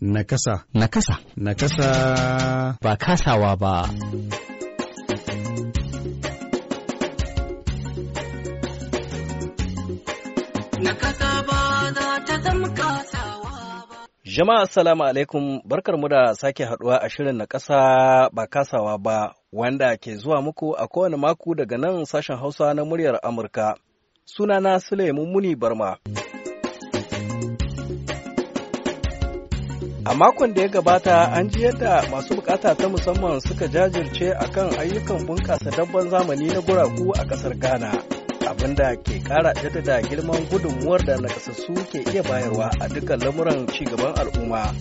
Nakasa. Nakasa. Nakasa. Ba kasawa ba. Nakasa ba za ta zama kasawa ba. Jama'a Salamu alaikum mu da sake haduwa a shirin na ƙasa ba kasawa ba wanda ke zuwa muku a kowane mako daga nan sashen Hausa na muryar Amurka. Sunana Suleiman Muni Barma. A makon da ya gabata an ji yadda masu bukata ta musamman suka jajirce a kan ayyukan bunƙasa dabban zamani na guragu a ƙasar Ghana. abinda ke kara da girman gudunmuwar da nakasassu ke iya bayarwa a dukkan lamuran cigaban al'umma.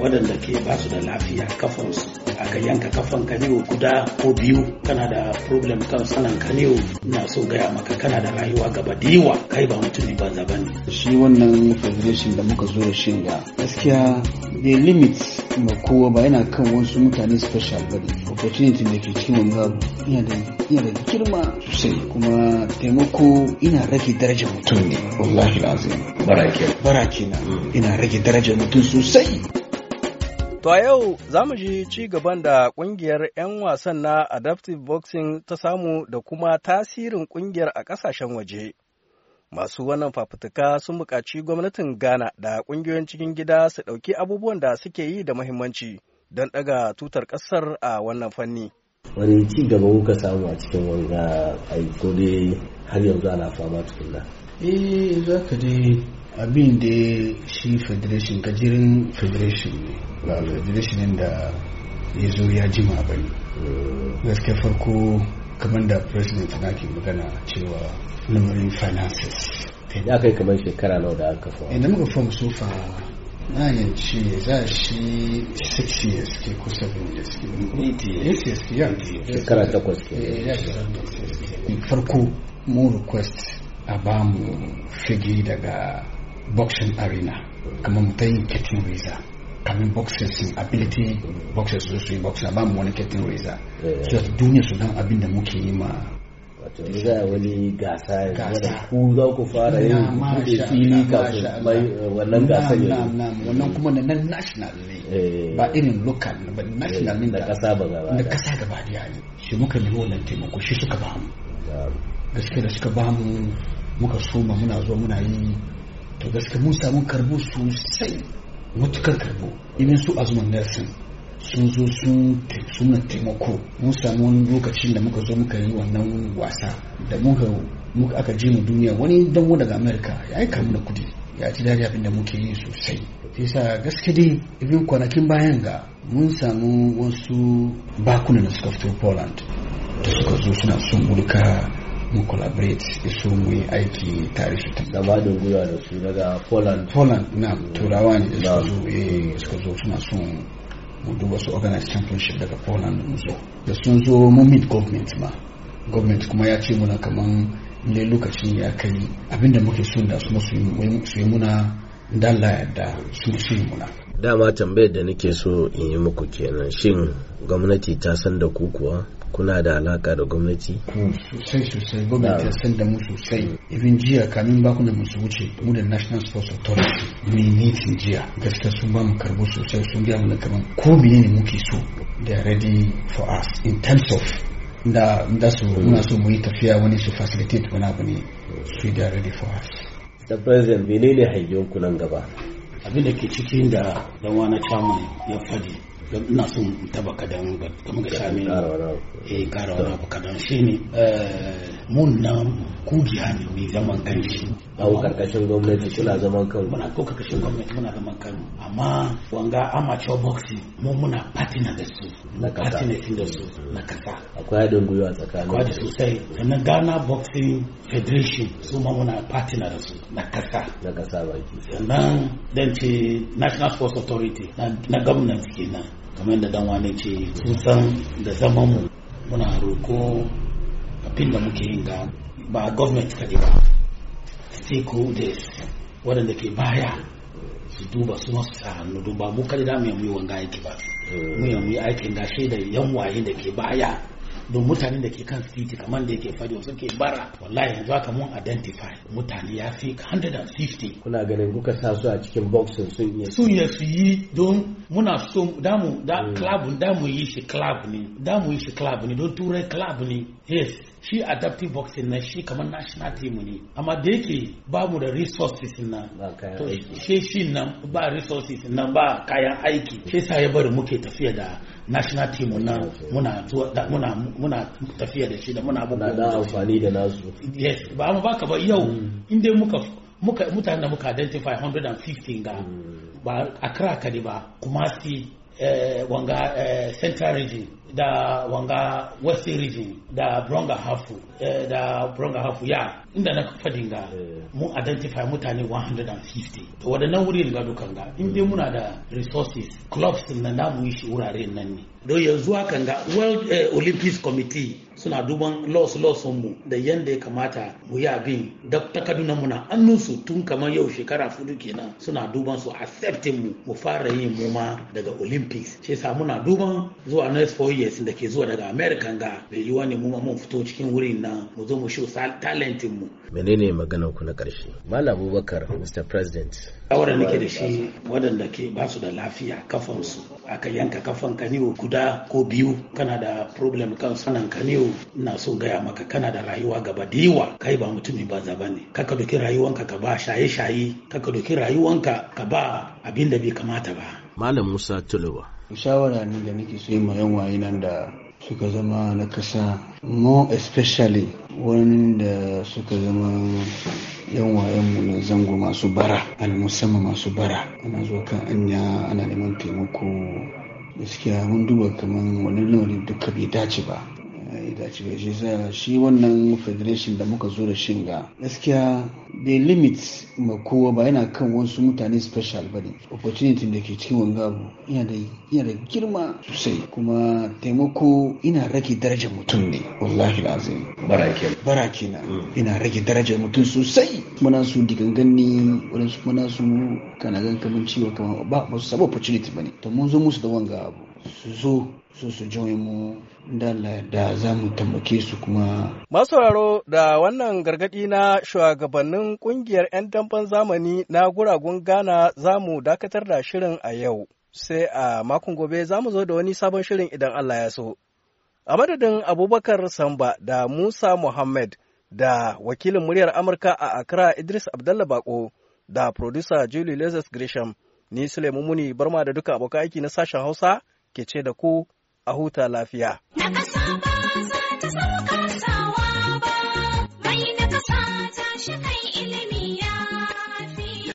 Waɗanda ke ba su da lafiya kafansu aka yanka kafan kaniwo guda ko biyu kana da problem kan sanan kaniwo na so gaya maka kana da rayuwa gaba diwa kai ba mutum ne banza Shi wannan federation da muka zo da shi gaskiya the limit ma kowa ba yana kan wasu mutane special bane opportunity da ke cikin wani abu yana da girma sosai kuma taimako ina rage darajar mutum ne wallahi lazim barake barake na mm. ina rage darajar mutum sosai To a yau za mu ji ci gaban da kungiyar 'yan wasan na Adaptive Boxing ta samu da kuma tasirin kungiyar a kasashen waje. masu wannan fafutuka sun buƙaci gwamnatin ghana da ƙungiyoyin cikin gida su ɗauki abubuwan da suke yi da muhimmanci don ɗaga tutar ƙasar a wannan fanni wani ci gaba kuka samu a cikin wanga aiko dai har yanzu ana fama tukunna eh za ka dai abin da shi federation gajirin federation ne ba federation da ya zo ya jima ne, mm. gaskiya farko kamar da president na ke magana cewa lamarin finances da aka yi kamar shekara nawa da aka fa inda muka fam sofa na yin ce za shi 6 years ke ko 7 years ke 8 years ke yan shekara takwas ke eh, farko mu request a ba mu fige daga boxing arena kamar mu kitchen visa kamin boxers ability boxers su su yi boxer ba mu wani ketting razor so duniya su dan abin da muke yi ma wato ni za wani gasa gasa ku za ku fara yin kuɗe fili kafin mai eh, wannan gasa ne wannan kuma na nan national ne eh. ba irin local ba national ne eh, da kasa ba gaba da kasa gaba da yayi shi muka nemi wannan taimako shi suka ba mu gaskiya da suka ba mu muka soma muna zuwa muna yi to gaskiya mun samu karbu sosai mutukar karbo irin su azumin nelson sun zo sun suna taimako mun samu wani lokacin da muka zo muka yi wannan wasa da muka muka aka je mu duniya wani danwo daga amerika ya aika mu da kudi ya ci dariya abin da muke yi sosai sa gaske dai ibin kwanakin bayan ga mun samu wasu bakuna da suka fito poland da suka zo suna sun mulka mu collaborate iso mu yi aiki tare su ta gaba da gura da su daga poland poland na mm. turawa ne da zo eh, suka zo suna son mu duba su organize championship daga poland mu zo da sun zo mun meet government ma government kuma ya ce muna kaman ne lokacin ya kai abinda muke son da su yi muna dalla yadda su yi muna dama tambayar da nake so in yi muku kenan shin gwamnati ta san da ku kuwa kuna da alaka da gwamnati? sosai sosai gwamnati ta san da mu sosai Ibin jiya kamin bakuna musu wuce mu da national sports authority mai meeting jiya gaskiya sun ba mu karbo sosai sun gaya mana kamar ko ne muke so they are ready for us in terms of da da su muna so mu yi tafiya wani su facilitate wani abu ne su da ready for us. Da president menene hanyoyin nan gaba? abin da ke cikin da dan wani chairman ya faɗi don ina son taba kadan game ga sami eh kara wani abu kadan shine eh, mun na kungiya ne mai zaman kanshi au karkashin gwamnati suna zaman kan muna ko karkashin gwamnati muna zaman kan amma wanga amateur boxing mu muna partner da su na partner da su na kasa akwai haɗin gwiwa tsakanin akwai da sosai sannan Ghana Boxing Federation su ma muna partner da su na kasa na kasa baki sannan dan ce National Sports Authority na gwamnati kenan kamar da dan wani ce sun san da zaman mu muna roko abin da muke yin ga ba government ka ba stakeholders waɗanda ke baya su duba su masu sa hannu duba mu kada da mu yi wanga aiki ba eh. mu yi aikin gashe da yan waye da ke baya don mutanen da ke kan titi kamar da yake fadi ke bara wallahi yanzu haka mun identify mutane ya fi 150 kuna ganin kuka sa su a cikin boxing sun yi sun yi su yi don muna so damu da mm. club mu yi shi club ne damu yi shi club ne don turai club ne yes shi adaptive boxing na shi kamar national team ne amma da yake ba mu da resources na to she shi nan ba resources nan ba kayan aiki shi sa ya bari muke tafiya da national team na muna muna muna tafiya da shi da muna bugu da amfani da nasu yes ba mu baka ba yau mm. in dai muka muka mutanen da muka identify 115 ga mm. ba akra kadi ba kumasi eh, wanga eh, central region da wanga wasiriju da bronga hafu eh, da bronga hafu ya inda na kafa ga eh. mun identify mutane 150 to wadannan wurin ga dukan ga in dai hmm. muna da resources clubs na namu yi shi wurare nan ne don yanzu hakan ga world eh, olympics committee suna duban laws laws mu da yanda ya kamata mu yi abin da takarduna muna annun su tun kamar yau shekara fudu kenan suna duban su accepting mu mu fara yin mu ma daga olympics shi yasa muna duban zuwa next four ideas da ke zuwa daga america ga bai ne wani mu mun fito cikin wurin nan mu zo mu show talentin mu menene maganar ku na karshe malam abubakar mr president shawarar nake da shi waɗanda ke ba su da lafiya kafan kafansu aka yanka kafan kaniwo guda ko biyu kana da problem kan sanan kaniwo ina so gaya maka kana da rayuwa gaba diwa kai ba mutumin banza ne kaka doki rayuwanka ka ba shaye shaye kaka doki rayuwanka ka ba abin da bai kamata ba malam musa tuluwa shawara ne da nake so ma yan waye nan da suka zama na kasa more especially wanda suka zama yan mu na zango masu bara al musamman masu bara ana zuwa kan anya ana neman taimako gaskiya mun duba kamar wani lamarin duka bai dace ba da ga shi shi wannan federation da muka zo da shinga. ga gaskiya the limit ma kowa ba yana kan wasu mutane special ba ne opportunity da ke cikin wanga abu yana da girma sosai kuma taimako ina rage darajar mutum ne wallahi lazim barake na mm. ina rage darajar mutum sosai muna su digangan ne wadansu muna su kana gan kamar ciwo kamar ba ba su opportunity ba ne to mun zo musu da wanga abu su zo su su mu da za mu tambake su kuma. Masauraro da wannan gargaɗi na shugabannin ƙungiyar 'yan damben zamani na guragun Ghana za mu dakatar da shirin a yau. Sai a makon gobe za mu zo da wani sabon shirin idan Allah ya so. A madadin Abubakar Samba da Musa Muhammad da wakilin muryar Amurka a Accra Idris Abdallah Bako da producer Julie Lazarus Grisham, ni Suleiman Muni Barma da duka abokan aiki na sashen Hausa. ke ce da ku a huta lafiya. Na kasa ba za ta sauka sawa ba, mai na kasa ta shi